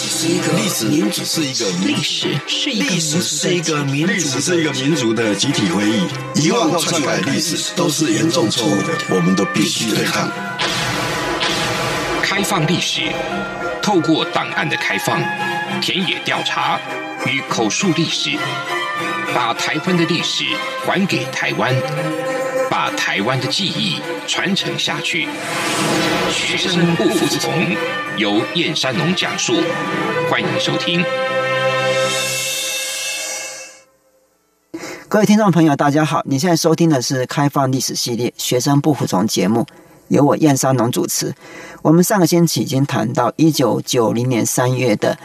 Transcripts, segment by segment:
歷史，民族是一個歷史是一個，歷史是一個民族的是一個民族的集體回憶。以往篡改的歷史都是嚴重錯誤的，我們都必須對抗。開放歷史，透過檔案的開放、田野調查與口述歷史，把台灣的歷史還給台灣。把台灣的記憶傳承下去。學生不服從，由燕山農講述，歡迎收聽。各位聽眾朋友，大家好，你現在收聽的是《開放歷史系列·學生不服從》節目，由我燕山農主持。我們上個星期已經談到一九九零年三月的。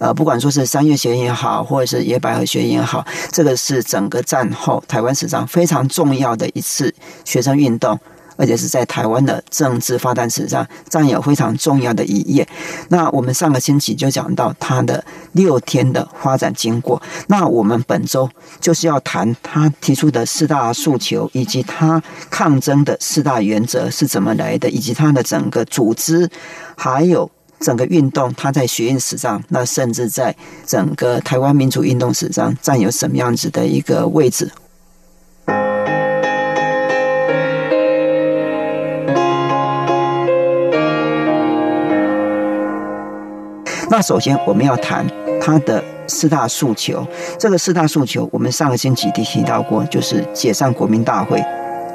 呃，不管說是三月學運也好，或者是野百合學運也好，這個是整個戰後台灣史上非常重要的一次學生運動，而且是在台灣的政治發展史上佔有非常重要的一頁。那我們上個星期就講到他的六天的發展經過，那我們本周就是要談他提出的四大訴求，以及他抗爭的四大原則是怎麼來的，以及他的整個組織，還有。整個運動它在學運史上，那甚至在整個台灣民主運動史上，佔有什麼樣子的一個位置？那首先我們要談它的四大訴求。這個四大訴求，我們上個星期提提到過，就是解散國民大會，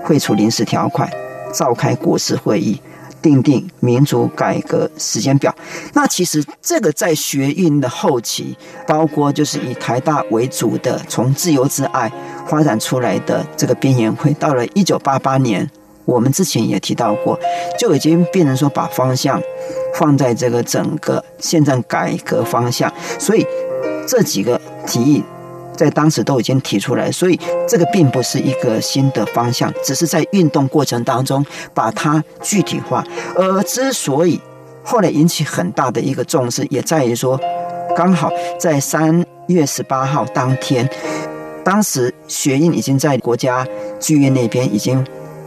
廢除臨時條款，召開國是會議，訂定民主改革時間表。那其實這個在學運的後期，包括就是以台大為主的從自由之愛發展出來的這個邊緣會，到了一九八八年，我們之前也提到過，就已經變成說把方向放在這個整個憲政改革方向。所以這幾個提議。在當時都已經提出來，所以這個並不是一個新的方向，只是在運動過程當中把它具體化。而之所以後來引起很大的一個重視，也在於說，剛好在三月十八號當天，當時學運已經在國家劇院那邊已經。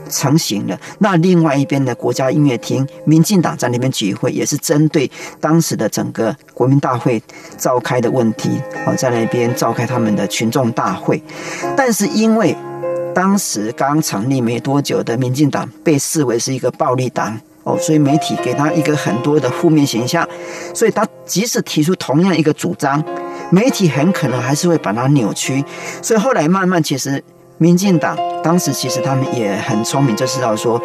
成型了。那另外一邊的國家音樂廳，民進黨在那邊聚會，也是針對當時的整個國民大會召開的問題，哦，在那邊召開他們的群眾大會。但是因為當時剛成立沒多久的民進黨被視為是一個暴力黨，哦，所以媒體給他一個很多的負面形象。所以他即使提出同樣一個主張，媒體很可能還是會把它扭曲。所以後來慢慢其實。民進黨當時其實他們也很聰明，就知道說，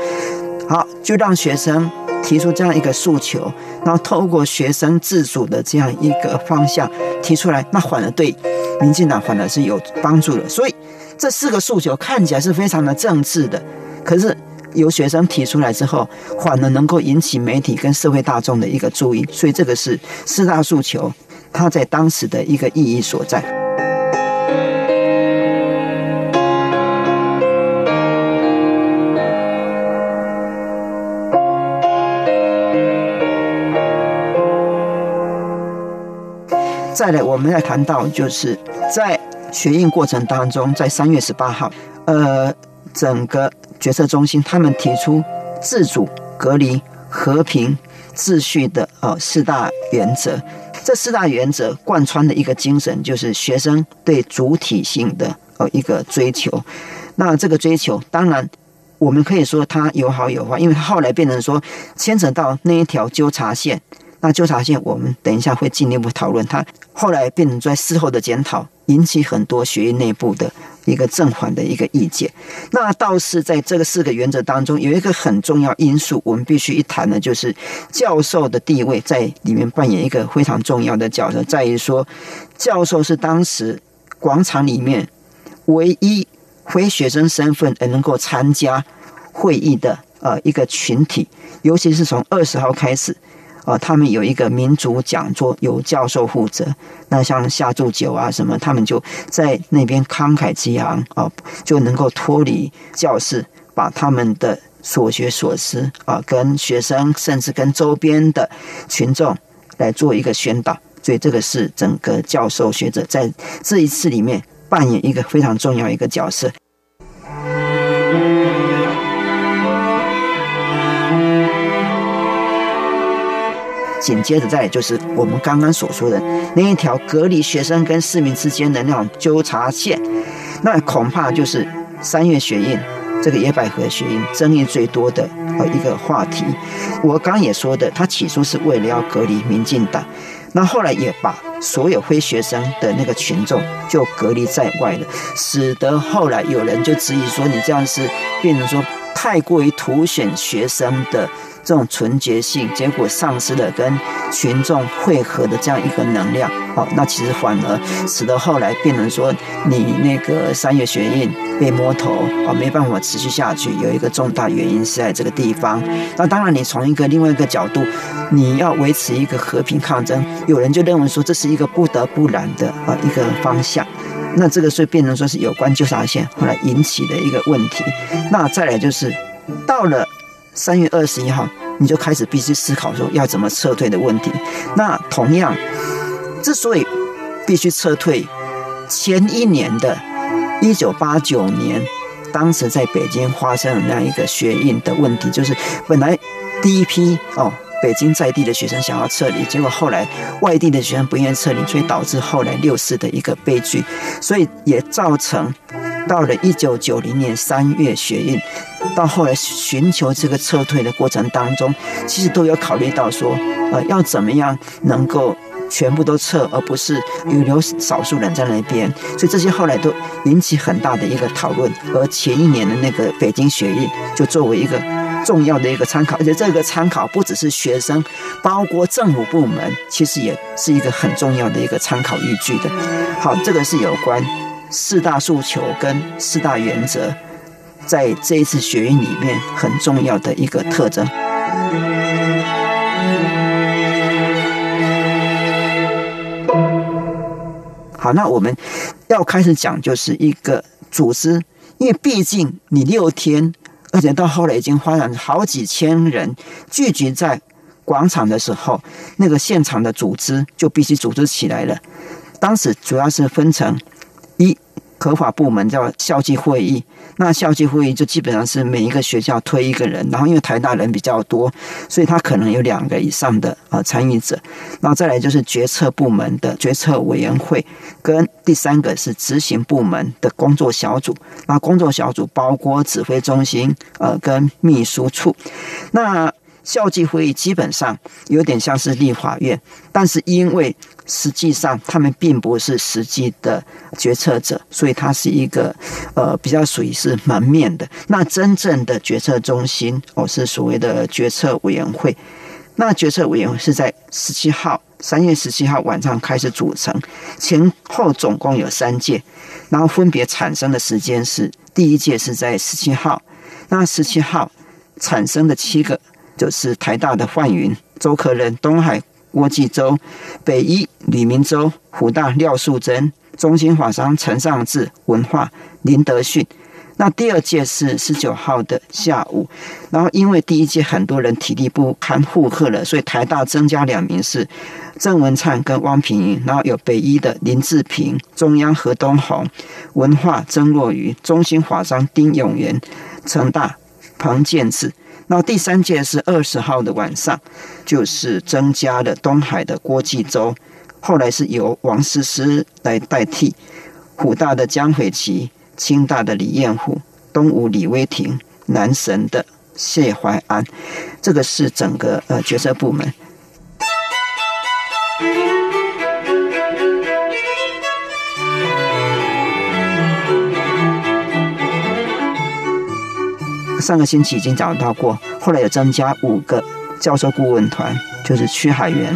好，就讓學生提出這樣一個訴求，然後透過學生自主的這樣一個方向提出來，那反而對民進黨反而是有幫助的。所以這四個訴求看起來是非常的政治的，可是由學生提出來之後，反而能夠引起媒體跟社會大眾的一個注意。所以這個是四大訴求，它在當時的一個意義所在。再來，我們來談到就是在學運過程當中，在三月十八號，呃，整個決策中心他們提出自主、隔離、和平、秩序的呃四大原則。這四大原則貫穿的一個精神，就是學生對主體性的呃一個追求。那這個追求，當然我們可以說它有好有壞，因為它後來變成說牽扯到那一條糾察線。那糾察線，我們等一下會進一步討論。他後來變成在事後的檢討，引起很多學運內部的一個正反的一個意見。那倒是在這個四個原則當中，有一個很重要因素，我們必須一談呢，就是教授的地位在裡面扮演一個非常重要的角色。在於說，教授是當時廣場裡面唯一非學生身份而能夠參加會議的呃一個群體，尤其是從二十號開始。啊、哦，他們有一個民族講座，由教授負責。那像夏鑄九啊什麼，他們就在那邊慷慨激昂啊，就能夠脫離教室，把他們的所學所思啊，跟學生甚至跟周邊的群衆來做一個宣導。所以這個是整個教授學者在這一次裡面扮演一個非常重要一個角色。緊接着，再就是我們剛剛所說的那一條隔離學生跟市民之間的那種糾察線，那恐怕就是三月學運這個野百合學運爭議最多的呃一個話題。我剛也說的，它起初是為了要隔離民進黨，那後來也把所有非學生的那個群眾就隔離在外了，使得後來有人就質疑說，你這樣是變成說太過於凸顯學生的。這種純潔性，結果喪失了跟群眾匯合的這樣一個能量，好，那其實反而使得後來變成說你那個三月學運被摸頭，啊，沒辦法持續下去。有一個重大原因是在這個地方。那當然，你從一個另外一個角度，你要維持一個和平抗爭，有人就認為說，這是一個不得不然的啊一個方向。那這個所以變成說是有關糾察線後來引起的一個問題。那再來就是到了。三月二十一號，你就開始必須思考說要怎麼撤退的問題。那同樣，之所以必須撤退，前一年的一九八九年，當時在北京發生了那樣一個學運的問題，就是本來第一批哦北京在地的學生想要撤離，結果後來外地的學生不願意撤離，所以導致後來六四的一個悲劇，所以也造成。到了一九九零年三月學運，到後來尋求這個撤退的過程當中，其實都有考慮到說，呃，要怎麼樣能夠全部都撤，而不是預留少數人在那邊。所以這些後來都引起很大的一個討論，而前一年的那個北京學運就作為一個重要的一個參考，而且這個參考不只是學生，包括政府部門，其實也是一個很重要的一個參考依據的。好，這個是有關。四大訴求跟四大原則，在這一次學運裡面很重要的一個特徵。好，那我們要開始講，就是一個組織，因為畢竟你六天，而且到後來已經發展好幾千人聚集在廣場的時候，那個現場的組織就必須組織起來了。當時主要是分成。合法部門叫校際會議，那校際會議就基本上是每一個學校推一個人，然後因為台大人比較多，所以他可能有兩個以上的呃參與者。那再來就是決策部門的決策委員會，跟第三個是執行部門的工作小組。那工作小組包括指揮中心，呃，跟秘書處。那校際會議基本上有點像是立法院，但是因為。實際上，他們並不是實際的決策者，所以他是一個，呃，比較屬於是門面的。那真正的決策中心哦，是所謂的決策委員會。那決策委員會是在十七號，三月十七號晚上開始組成，前後總共有三屆，然後分別產生的時間是第一屆是在十七號，那十七號產生的七個就是台大的范雲、周克人、東海。郭濟洲、北醫李明洲，胡大廖素貞、中興法商陳尚志、文化林德訓。那第二屆是十九號的下午，然後因為第一屆很多人體力不堪負荷了，所以台大增加兩名是鄭文燦跟汪平雲，然後有北醫的林志平、中央何東紅、文化曾若瑜、中興法商丁永元、成大彭建志。那第三屆是二十號的晚上，就是增加了東海的郭繼洲，後來是由王思思來代替，虎大的江偉琪，清大的李彥虎，東吳李威霆，南神的謝懷安，這個是整個呃決策部門。上個星期已經講到過，後來有增加五個教授顧問團，就是瞿海源、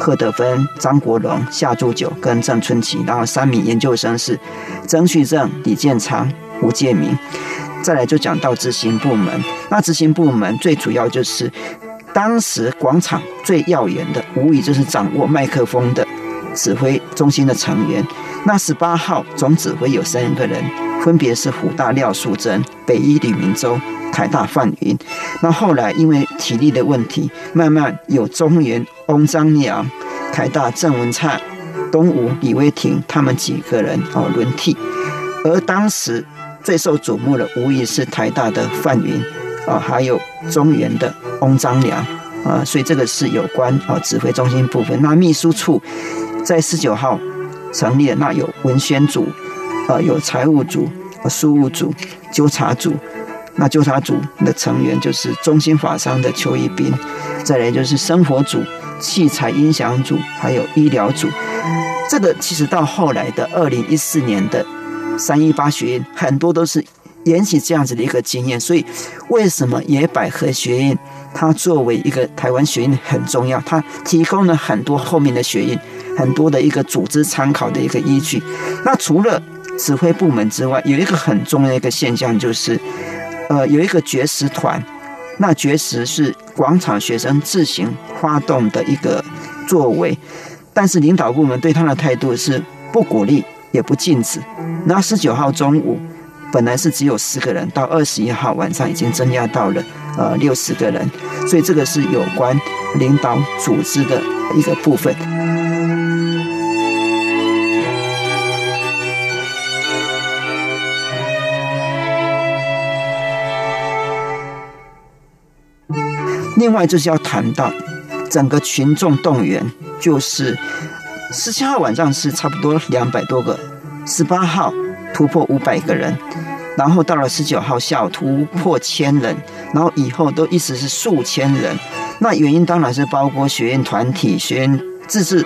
賀德芬、張國龍、夏鑄九跟鄭春奇，然後三名研究生是曾旭正、李建昌、吳建明。再來就講到執行部門，那執行部門最主要就是當時廣場最耀眼的，無疑就是掌握麥克風的指揮中心的成員。那十八號總指揮有三個人，人。分別是湖大廖樹珍、北醫呂明洲、台大范雲。那後來因為體力的問題，慢慢有中原翁章良、台大鄭文燦、東吳李威霆他們幾個人哦輪替。而當時最受矚目的無疑是台大的范雲啊，還有中原的翁章良啊。所以這個是有關啊指揮中心部分。那祕書處在十九號成立了，那有文宣組。呃，有財務組、事務組、糾察組。那糾察組的成員就是中興法商的邱一斌。再來就是生活組、器材音響組，還有醫療組。這個其實到後來的二零一四年的三一八學運，很多都是延續這樣子的一個經驗。所以，為什麼野百合學運，它作為一個台灣學運很重要？它提供了很多後面的學運，很多的一個組織參考的一個依據。那除了，指揮部門之外，有一個很重要的一個現象，就是，呃，有一個絕食團，那絕食是廣場學生自行發動的一個作為，但是領導部門對他的態度是不鼓勵也不禁止。然後十九號中午本來是只有十個人，到二十一號晚上已經增加到了呃六十個人，所以這個是有關領導組織的一個部分。另外就是要談到整個群眾動員，就是十七號晚上是差不多兩百多個，十八號突破五百個人，然後到了十九號下午突破千人，然後以後都一直是數千人。那原因當然是包括學院團體、學院自治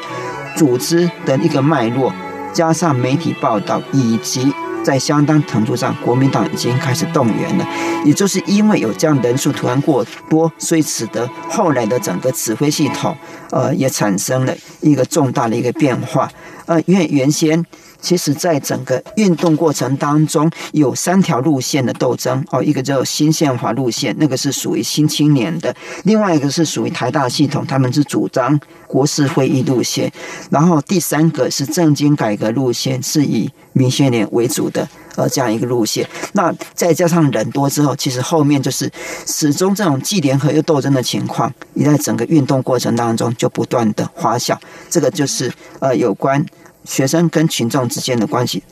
組織的一個脈絡，加上媒體報道以及。在相當程度上，國民黨已經開始動員了，也就是因為有這樣人數突然過多，所以使得後來的整個指揮系統，呃，也產生了一個重大的一個變化，呃，因為原先。其實在整個運動過程當中，有三條路線的鬥爭哦，一個叫新憲法路線，那個是屬於新青年的；另外一個是屬於台大系統，他們是主張國事會議路線；然後第三個是政經改革路線，是以民協聯為主的呃這樣一個路線。那再加上人多之後，其實後面就是始終這種既聯合又鬥爭的情況，也在整個運動過程當中就不斷的發酵。這個就是呃有關。學生跟群眾之間的關係。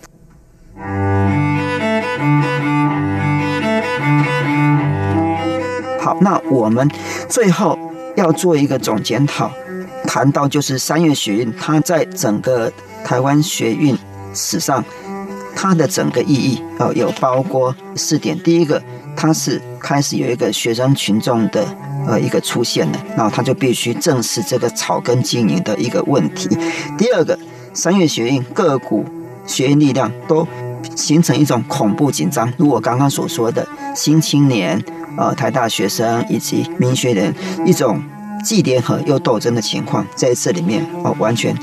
好，那我們最後要做一個總檢討，談到就是三月學運，它在整個台灣學運史上，它的整個意義啊，有包括四點。第一個，它是開始有一個學生群眾的呃一個出現的，那它就必須正視這個草根經營的一個問題。第二個。三月學運各股學運力量都形成一種恐怖緊張，如我剛剛所說的，新青年、呃台大學生以及民學人一種既聯合又鬥爭的情況，在這裡面哦、呃、完全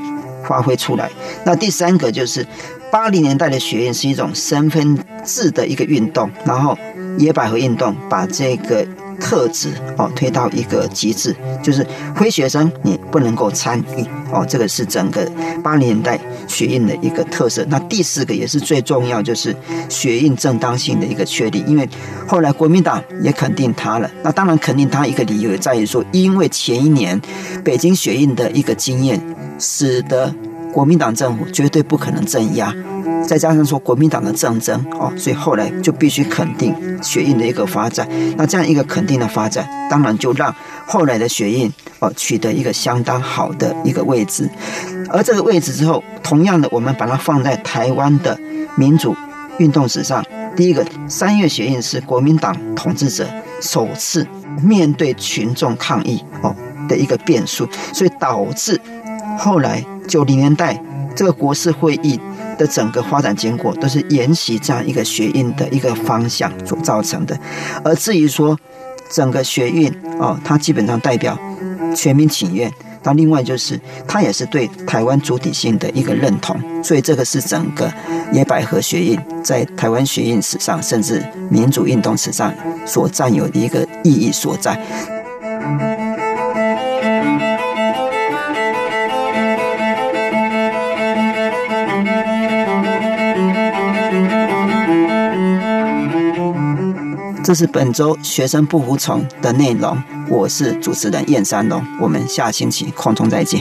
發揮出來。那第三個就是八零年代的學運是一種身份制的一個運動，然後野百合運動把這個。特質哦，推到一個極致，就是非學生你不能夠參與哦，這個是整個八零年代學運的一個特色。那第四個也是最重要，就是學運正當性的一個確立，因為後來國民黨也肯定他了。那當然肯定他一個理由在於說，因為前一年北京學運的一個經驗，使得。國民黨政府絕對不可能鎮壓，再加上說國民黨的政爭哦，所以後來就必須肯定學運的一個發展。那這樣一個肯定的發展，當然就讓後來的學運哦取得一個相當好的一個位置。而這個位置之後，同樣的，我們把它放在台灣的民主運動史上，第一個三月學運是國民黨統治者首次面對群眾抗議哦的一個變數，所以導致後來。九零年代這個國是會議的整個發展經過，都是沿襲這樣一個學運的一個方向所造成的。而至於說整個學運哦，它基本上代表全民請願，那另外就是它也是對台灣主體性的一個認同。所以這個是整個野百合學運在台灣學運史上，甚至民主運動史上所占有的一個意義所在。這是本週學生不服從的內容。我是主持人燕山龍，我們下星期空中再見。